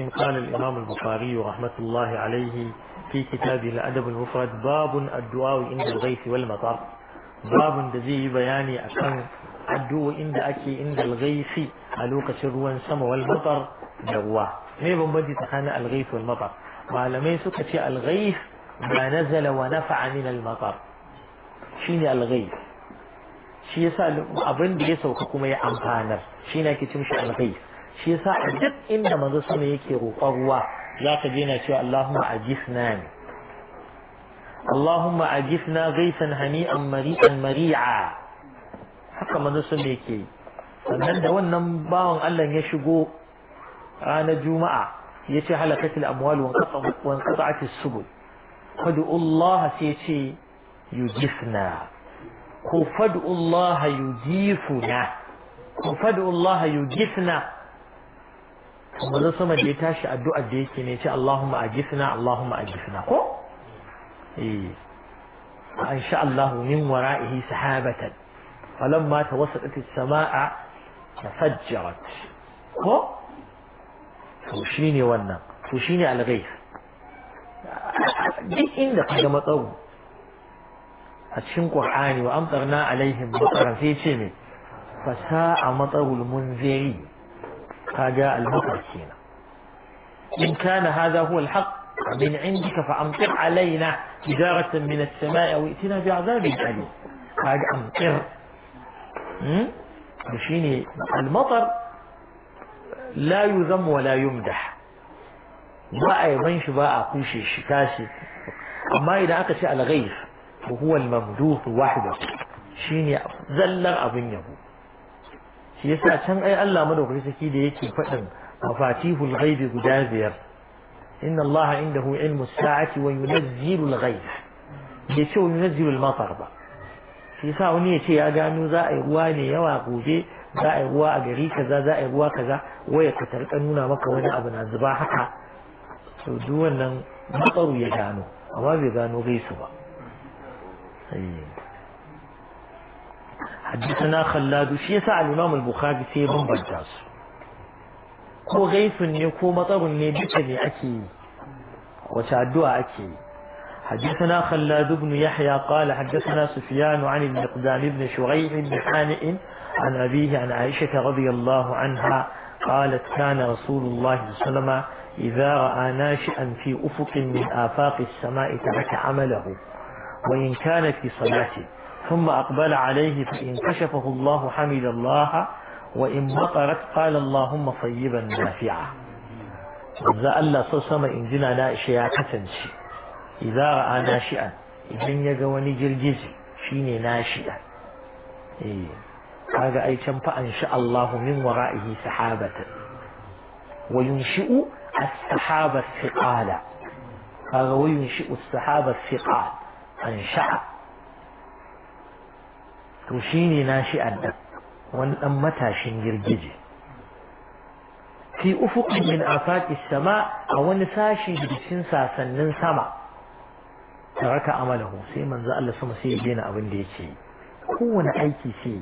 الرحيم قال الإمام البخاري رحمة الله عليه في كتابه الأدب المفرد باب الدعاء عند الغيث والمطر باب دزي بياني أكن الدعاء عند أكي عند الغيث ألوك شروان سم والمطر دوا ما بمبدي تخانى الغيث والمطر ما لم يسك الغيث ما نزل ونفع من المطر شيني الغيث شيني yasa أبن بيسوك ya sauka شيني كتمش الغيث shi yasa a duk inda manzo sama yake roƙon ruwa za ka je na cewa Allahumma ajifna ni Allahumma ajifna ghaifan hani'an mari'an mari'a haka manzo sama yake sannan da wannan bawan Allah ya shigo ranar juma'a ya ce halakatul amwal wa qata'at as-subul fadu Allah sai ya ce yujifna ko fadu Allah yujifuna ko fadu Allah yujifna manzon sama da ya tashi addu'ar da yake ne ce Allahumma ajifna Allahumma ajifna ko eh an sha Allah min wara'ihi sahabatan falamma tawassadat as-samaa tafajjarat ko to shine wannan to shine al ghayb duk inda ka kaga matsawo a cikin Qur'ani wa amtarna alaihim mataran sai ce ne fasa'a matsawul munziri فجاء المتركين إن كان هذا هو الحق من عندك فأمطر علينا تجارة من السماء أو ائتنا بعذاب أليم فجاء أمطر مشيني المطر لا يذم ولا يمدح ما أيضاً شباء قوشي الشكاسي أما إذا على الغيث وهو الممدوث وحده شيني زلر أظنه shi yasa can ai Allah madaukaki saki da yake fadin mafatihul ghaibi guda biyar inna Allah indahu ilmu sa'ati wa yunazzilu al-ghaib bai ce yunazzilu al-matar ba shi yasa wani yace ya gano za a yi ruwa ne yawa gobe za a yi ruwa a gari kaza za a yi ruwa kaza waya ka tarka nuna maka wani abu na zuba haka to duk wannan matsaru ya gano amma bai gano gaisu ba حدثنا خلاد shi yasa الإمام البخاري al بن sai كو غيث ko gaifin ne ko matsarin ne أكي حدثنا خلاد بن يحيى قال حدثنا سفيان عن المقدام بن شريح بن حانئ عن أبيه عن عائشة رضي الله عنها قالت كان رسول الله صلى الله عليه وسلم إذا رأى ناشئا في أفق من آفاق السماء ترك عمله وإن كان في صلاته ثم أقبل عليه فإن كشفه الله حمد الله وإن مطرت قال اللهم طيبا نافعا إذا ألا صصم إن جنا ناشيا كتنشي إذا رأى ناشئا إذن يقواني جرجزي شيني ناشئا إيه هذا أي تنفع إن شاء الله من ورائه سحابة وينشئ السحابة الثقال هذا وينشئ السحابة الثقال أنشأ to shi shine nashi adda wani ɗan matashin girgije fi ufuqin min afaqi sama a wani sashi da cikin sasannin sama taraka amalahu sai manzo Allah sama sai ya daina abin da yake kowane aiki sai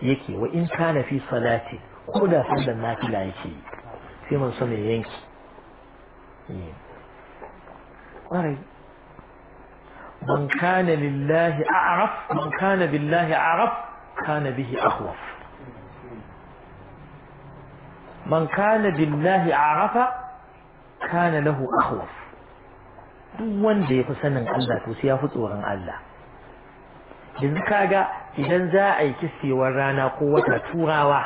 yake wa in kana fi salati ko da sallan nafila yake sai manzo mai yanki من كان لله أعرف من كان بالله أعرف كان به أخوف من كان بالله أعرف كان له أخوف duk wanda ya fi تو Allah to sai ya fi اذا Allah yanzu kaga idan za a yi kisewar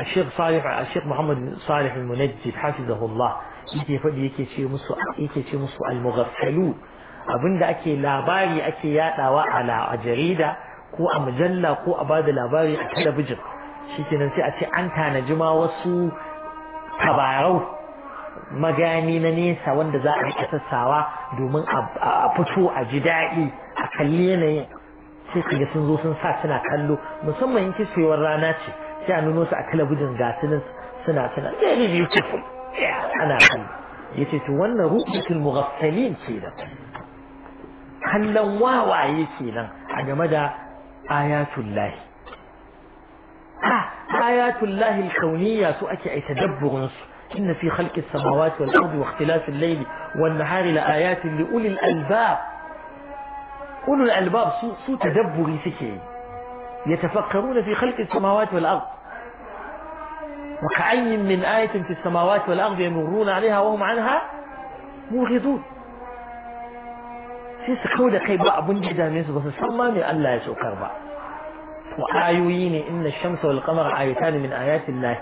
الشيخ صالح الشيخ محمد صالح المنجد حفظه الله yake faɗi yake ce musu yake ce musu al abinda ake labari ake yadawa a jarida ko a mujalla ko a bada labari a talabijin shikenan sai a ce an tanaji ma wasu tabarau magani na nesa wanda za a yi sassawa domin a fito a ji daɗi a kalli yanayin sai ga sun zo sun sa suna kallo musamman in kiswewar rana ce sai a nuno su a talabijin ga suna suna انا يتتوانا رؤية المغفلين كيدا هل واوا يتينا حاجة آيات الله آيات الله الكونية تؤتي أي تدبر إن في خلق السماوات والأرض واختلاف الليل والنهار لآيات لأولي الألباب أولي الألباب سو, سو تدبر سكي يتفكرون في خلق السماوات والأرض وكأي من آية في السماوات والأرض يمرون عليها وهم عنها موغضون سيس كودة كي بقى بنجدة من سبس السماني ألا يسوء كربا وآيويني إن الشمس والقمر آيتان من آيات الله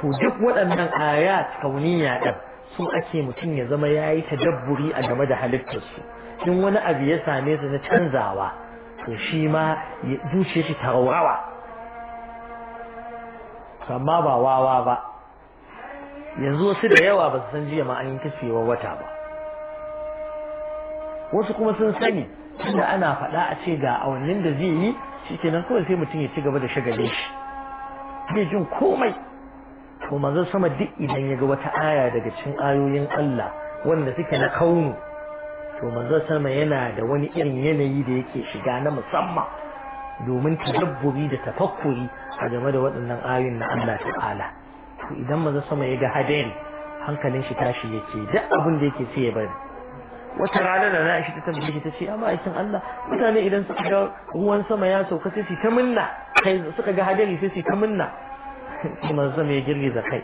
توجب ولا من آيات كونية أب سوء أكي متنية زمياء تدبري أجمد حلبتس إن ونأبي يسا نيسا نتنزاوا وشيما يدوشيش تغوراوا amma ba wawa ba yanzu wasu da yawa ba su san jiya ma an yi wata ba wasu kuma sun sani inda ana faɗa a ce ga awannin da zai yi shi shikenan kawai sai mutum ya ci gaba da shagale shi bai jin komai to manzon sama duk idan ya ga wata aya daga cikin ayoyin Allah wanda suke na kaunu to manzo sama yana da wani irin yanayi da yake shiga na musamman domin tadabburi da tafakkuri a game da waɗannan ayoyin na Allah ta'ala to idan maza sama ya ga hadari hankalin shi tashi yake duk abin da yake sai ya bari wata rana da na ta tambaye shi ta ce amma aikin Allah mutane idan suka ga ruwan sama ya sauka sai su ta minna kai suka ga hadari sai su ta minna sai maza sama ya girgiza kai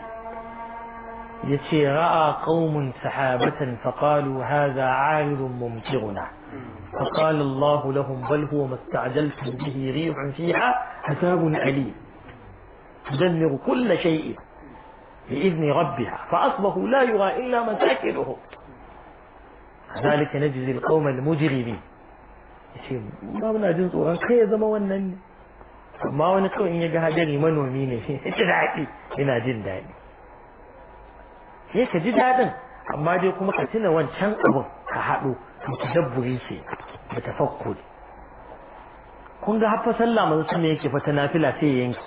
يتي رأى قوم سحابة فقالوا هذا عارض ممطرنا فقال الله لهم بل هو ما استعجلتم به ريح فيها حساب أليم تدمر كل شيء بإذن ربها فأصبحوا لا يرى إلا مساكنهم ذلك نجزي القوم المجرمين yace ba muna jin tsoron kai ya ما wannan ne amma wani kawai in ya ga hajari manomi ne ka ji daɗin amma dai kuma ka tuna wancan abin ka haɗo mutadabburi ce da tafakkuri kun ga haffa sallah manzo sama yake fata nafila sai ya yanki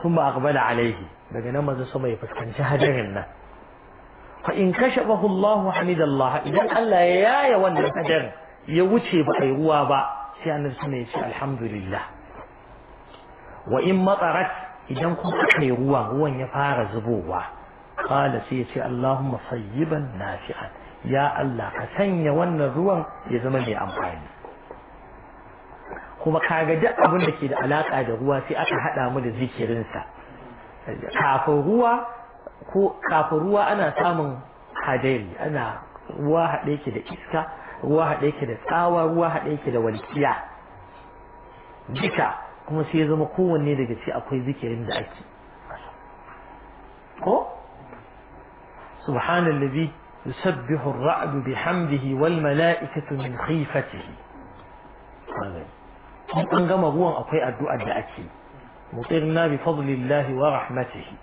sun ba aqbala alaihi daga nan manzo sama ya fuskanci hadarin nan fa in kashafahu Allah hamidallah idan Allah ya yaya wannan hadarin ya wuce ba ai ruwa ba sai annabi sama ya ce alhamdulillah wa in matarat idan kuma kai ruwa ruwan ya fara zubowa qala sai ce Allahumma sayyiban nafi'an ya Allah ka sanya wannan ruwan ya zama mai amfani kuma kaga duk abin da ke da alaka da ruwa sai aka hada mu da zikirinsa kafin ruwa ko kafin ruwa ana samun hadari ana ruwa haɗe yake da iska ruwa haɗe yake da tsawa ruwa haɗe yake da walkiya duka kuma sai ya zama kowanne daga ci akwai zikirin da ake ko سبحان الذي يسبح الرعد بحمده والملائكة من خيفته an gama ruwan akwai addu'ar da ake mutirna bi fadlillahi wa rahmatihi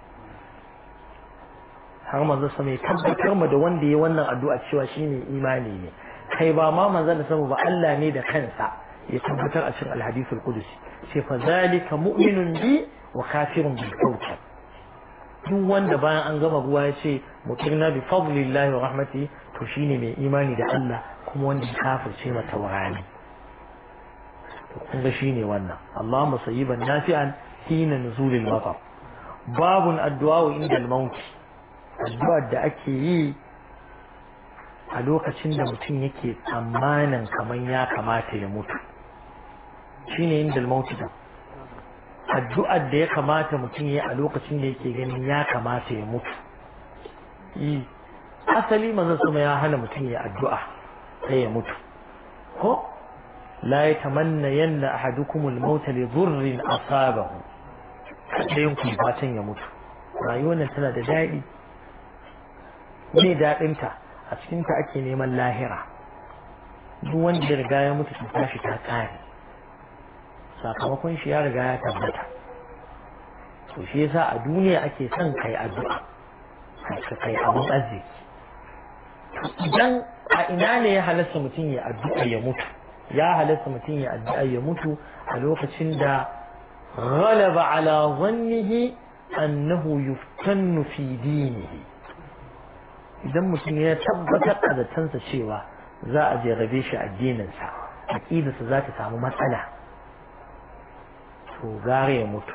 har manzo sama ya tabbatar mu da wanda ya wannan addu'a cewa shine imani ne kai ba ma manzo da sama ba Allah ne da kansa ya tabbatar a cikin alhadithul qudsi sai fa zalika mu'minun bi wa kafirun bil kawt duk wanda bayan an gama ruwa ya ce muqirna bi fadlillahi wa rahmati to shine mai imani da Allah kuma wanda kafirce mata wani to kun ga shine wannan Allahumma sayyiban nafi'an hina nuzulil matar babun addu'a inda al-maut addu'ar da ake yi a lokacin da mutum yake tsammanin kamar ya kamata ya mutu shine inda al-maut addu'ar da ya kamata mutum ya a lokacin da yake ganin ya kamata ya mutu asali manzon sama ya hana mutum ya addu'a sai ya mutu ko la yatamanna yanna ahadukum al-maut li dhurrin asabahu sai ku fatan ya mutu rayuwar nan tana da daɗi ne daɗinta a cikin ta ake neman lahira duk wanda ya riga ya mutu ta tashi ta kare sakamakon shi ya riga ya tabbata to shi yasa a duniya ake son kai addu'a ka kai abin arziki idan a ina ne ya halasta mutum ya addu'a ya mutu ya halasta mutum ya addu'a ya mutu a lokacin da ghalaba ala zannihi annahu yuftannu fi dinihi idan mutum ya tabbatar a zatansa cewa za a jarabe shi addininsa aƙidarsa za ta samu matsala to gara ya mutu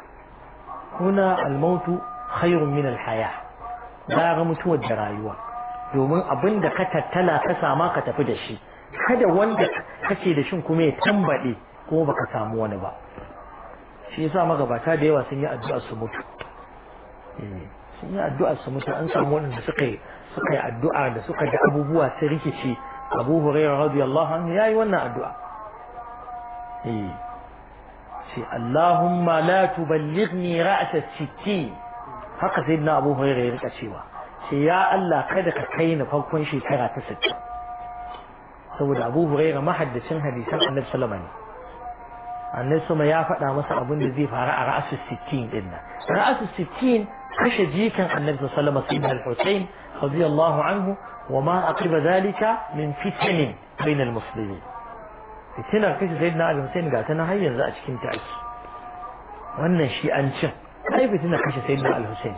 kuna almautu khairun min alhaya gara mutuwar da rayuwa domin abin da ka tattala ka sama ka tafi da shi kada wanda kake da shin kuma ya tambaɗe ko baka samu wani ba shi yasa magabata da yawa sun yi addu'a su mutu sun yi addu'a su mutu an samu waɗanda suka yi suka yi addu'a da suka ga abubuwa sun rikici abu hurairah radiyallahu anhu yayi wannan addu'a eh ce Allahumma la tuballighni ra'sa sittin haka sai na Abu Hurairah ya rika cewa ce ya Allah kada ka kai ni farkon shekara ta 60 saboda Abu Hurairah mahaddacin hadisan Annabi sallallahu alaihi annabi sama ya faɗa masa abin da zai faru a ra'asu sittin din nan ra'asu sittin kashe jikan annabi sallallahu alaihi wasallam al-Husayn radiyallahu anhu wa ma aqiba zalika min fitnin bainal muslimin fitinar kashe na Ali Hussein ga ta na har a cikin ta wannan shi an cin ai fitinar kashe sai na ce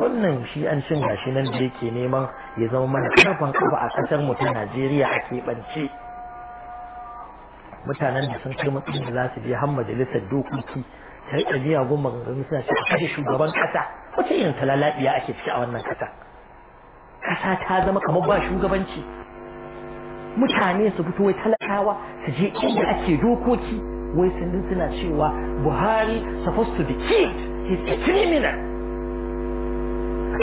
wannan shi an cin gashi nan da yake neman ya zama mana karfan kafa a kasar mu ta Najeriya a keɓance mutanen da sun kai matsayin da za su je har majalisar dokoki ta riƙa biya goma gangan suna ce a kashe shugaban ƙasa wata yin talalaɗiya ake ciki a wannan ƙasa ƙasa ta zama kamar ba shugabanci mutane su fito wai talakawa su je inda ake dokoki wai sun suna cewa buhari supposed to be killed he's a criminal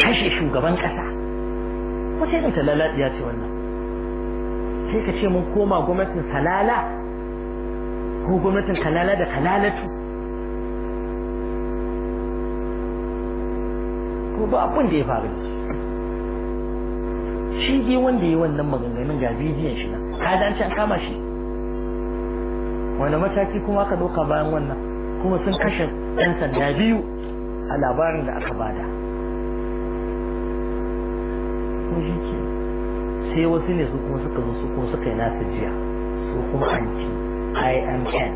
kashe shugaban kasa sai irin talalaɗiya ce wannan sai ka ce mun koma gwamnatin salala ko gwamnatin kalala da kalalatu ko ba abin da ya faru shi dai wanda ya wannan magana musulmin ga bidiyon shi nan ka an ci an kama shi wani mataki kuma aka ɗauka bayan wannan kuma sun kashe ɗan sanda biyu a labarin da aka bada ko shi sai wasu ne su kuma suka zo su kuma suka yi nasu jiya su kuma anti imn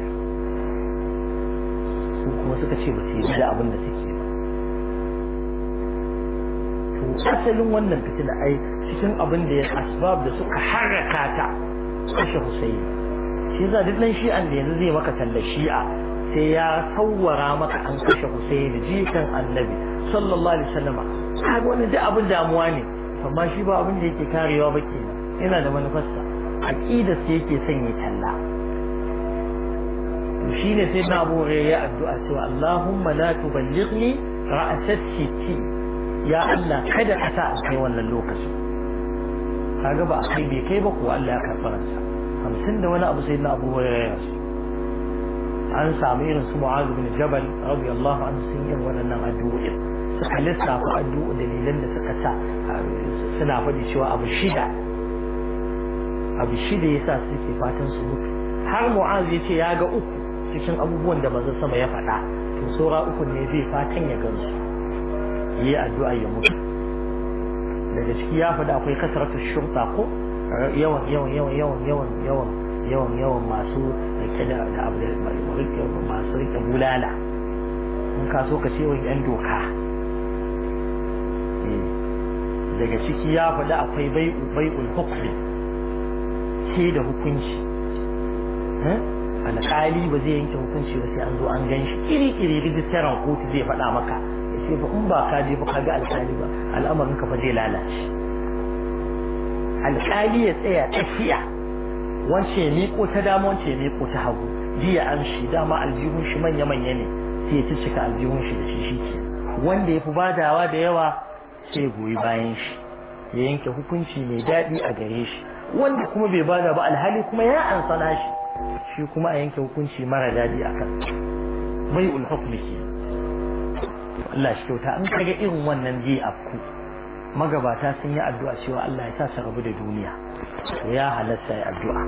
su kuma suka ce ba su yi da abin da suke ba to asalin wannan fitina ai cikin abin da ya asbab da suka harraka ta kashe Husaini shi yasa duk nan shi'an da yanzu zai maka talla shi'a sai ya sawwara maka an kashe Husaini jikan Annabi sallallahu alaihi wasallam kaga wani duk abin damuwa ne amma shi ba abin da yake karewa ba kenan yana da manufarsa aqidar sa yake sanya talla shi ne sai na abu ya addu'a cewa Allahumma la tuballighni ra'asat sitti ya Allah kada ka sa kai wannan lokacin kaga ba kai bai kai ba ko Allah ya karɓi hamsin da wani abu sai na abu ya rasu an samu irin su mu'azu bin jabal yallahu an sun yi waɗannan addu'o'in suka lissafa addu'o dalilan da suka sa ah, suna faɗi cewa abu shida abu shida yasa suke fatan su mutu har mu'az ya ce ya ga uku cikin abubuwan da manzon sama ya faɗa to saura uku ne zai fatan ya gansu yi addu'a ya mutu daga ciki ya faɗi akwai kasratu shurta ko yawan yawan yawan yawan yawan yawan yawan yawan masu rike da abu da masu rike bulala in ka so ka ce yawan yan doka eh, daga ciki ya faɗi akwai baiu bai'ul hukmi ke da hukunci eh, alƙali ba zai yanke hukunci ba sai an zo an gan shi iri-iri rijistaran kotu zai faɗa maka sai fa in ba ka je ba ka ga alƙali ba al'amarin ka fa zai lalace alƙali ya tsaya tafiya wance ya miƙo ta dama wance ya miƙo ta hagu jiya an shi dama aljihun shi manya-manya ne sai ya cika aljihun shi da shi shi ke wanda ya fi badawa da yawa sai goyi bayan shi ya yanke hukunci mai daɗi a gare shi wanda kuma bai bada ba alhali kuma ya ansana shi shi kuma a yanke hukunci mara daɗi a kan bai ulhukmi ke Allah shi kyauta in kaga irin wannan ji afku magabata sun yi addu'a cewa Allah ya sa su rabu da duniya to ya halatta ya addu'a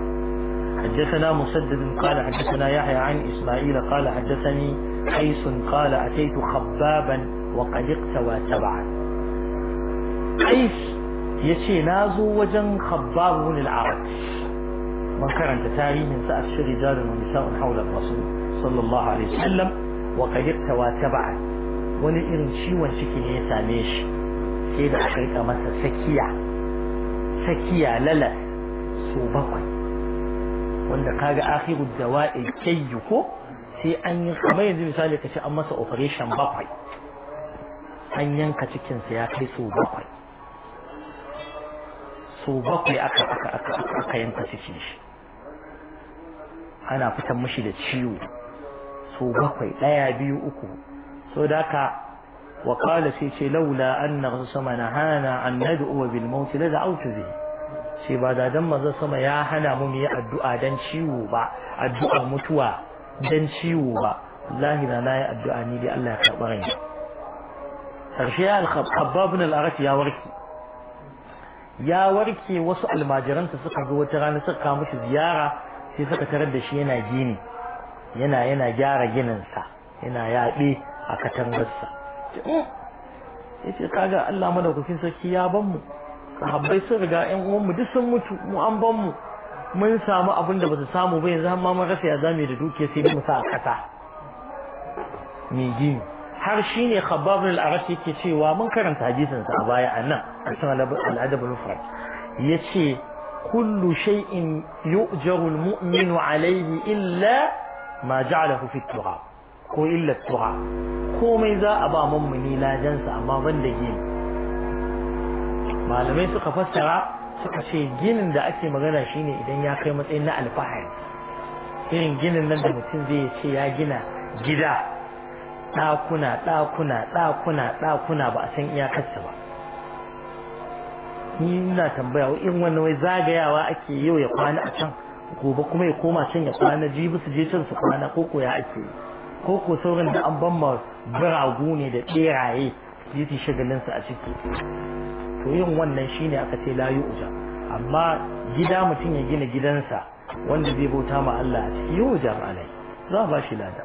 حدثنا مسدد قال حدثنا يحيى عن إسماعيل قال حدثني قيس قال أتيت خبابا وقد اقتوى تبعا قيس يشي نازو وجن خباب من العرب من كان تاريخ سأفشي رجال ونساء حول الرسول صلى الله عليه وسلم وقد اقتوى تبعا wani irin ciwon ciki ne ya same shi sai da aka rika masa sakiya sakiya lala so bakwai wanda kaga akhiru dawa'i kayyu ko sai an yi kamar yanzu misali kace an masa operation bakwai an yanka cikinsa ya kai so bakwai so bakwai aka aka aka aka yanka cikin shi ana fitan mishi da ciwo so bakwai ɗaya biyu uku so da ka wa qala sai ce laula anna sama nahana an nad'u bil maut la da'awtu bi sai ba da dan manzo sama ya hana mu yi addu'a dan ciwo ba addu'ar mutuwa dan ciwo ba wallahi na nayi addu'a ni dai Allah ya karba rai karshe al-khabbab ibn al-arif ya warki ya warke wasu almajiransa suka zo wata rana suka kawo mishi ziyara sai suka tarar da shi yana gini yana yana gyara gininsa yana yaɓe a katangarsa ya ce kaga Allah madaukakin sarki ya ban mu sahabbai sun riga yan uwan mu duk sun mutu mu an ban mu mun samu abin da basu samu ba yanzu amma mun rasa ya zame da dukiya sai mu sa a kasa mai gini har ne khabbab al-arash yake cewa mun karanta hadisin sa a baya anan a san al-adab al-mufrad yace kullu shay'in yu'jaru al-mu'minu alayhi illa ma ja'alahu fi turab ko tuha komai za a ba mummuni ladansa amma ban gini malamai suka fassara suka ce ginin da ake magana shine idan ya kai matsayin na alfahari irin ginin nan da mutum zai ce ya gina gida ɗakuna ɗakuna ɗakuna ɗakuna ba a san iyakarsa ba ni ina tambaya wa irin wannan wai zagayawa ake yau ya kwana a can gobe kuma ya koma can ya kwana jibi su je can su kwana ko ko ya ake yi ko ko saurin da an ban ma ne da ɓeraye su yi shagalinsu a ciki to yin wannan shine aka ce layu uja amma gida mutum ya gina gidansa wanda zai bauta ma Allah a ciki yi uja alai za a ba shi lada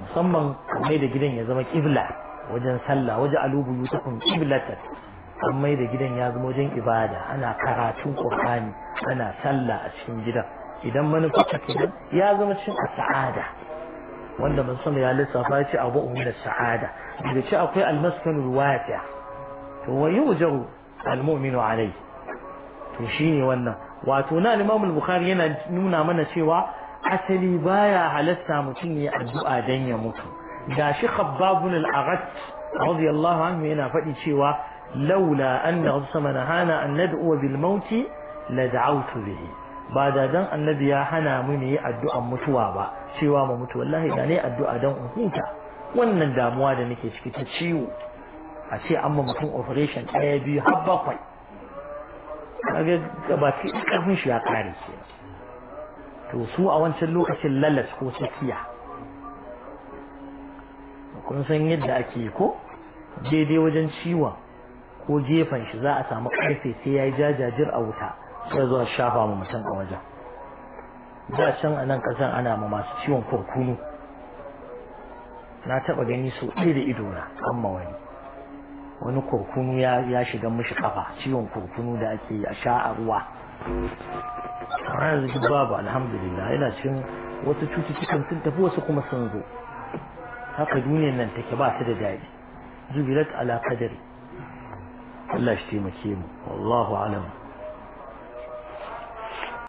musamman mai da gidan ya zama kibla wajen sallah waje alubu yutakun kiblatan an mai da gidan ya zama wajen ibada ana karatun ƙur'ani ana sallah a cikin gidan idan manufarka kenan ya zama cikin sa'ada wanda ban san ya lissafa ya ce abu umu da sa'ada da ce akwai almaskanul wafiya to wayu yujaru almu'minu alai to shine wannan wato na Imam al Bukhari yana nuna mana cewa asali baya halasta mutum ya addu'a dan ya mutu gashi Khabbab al-Arat radiyallahu anhu yana fadi cewa laula anna usmana hana an nad'u bil mauti لدعوت به ba da dan annabi ya hana mu ne addu'an mutuwa ba cewa mu mutu wallahi da ne addu'a dan in huta wannan damuwa da nake ciki ta ciwo a ce an ma mutum operation ɗaya biyu har bakwai kaga gabaki karfin shi ya kare shi. to su a wancan lokacin lalas ko tsakiya kun san yadda ake ko daidai wajen ciwon ko gefen shi za a samu karfe sai ya yi jajajir a wuta sai zuwa shafa ma mutum a wajen da can a nan kasan ana ma masu ciwon kurkunu na taba gani so ɗaya da ido na amma wani wani kurkunu ya shiga mishi kafa ciwon kurkunu da ake a sha a ruwa yanzu duk babu alhamdulillah yana cikin wasu cututtukan sun tafi wasu kuma sun zo haka duniyar nan take ba su da daɗi zubilat ala qadari Allah shi taimake mu wallahu alam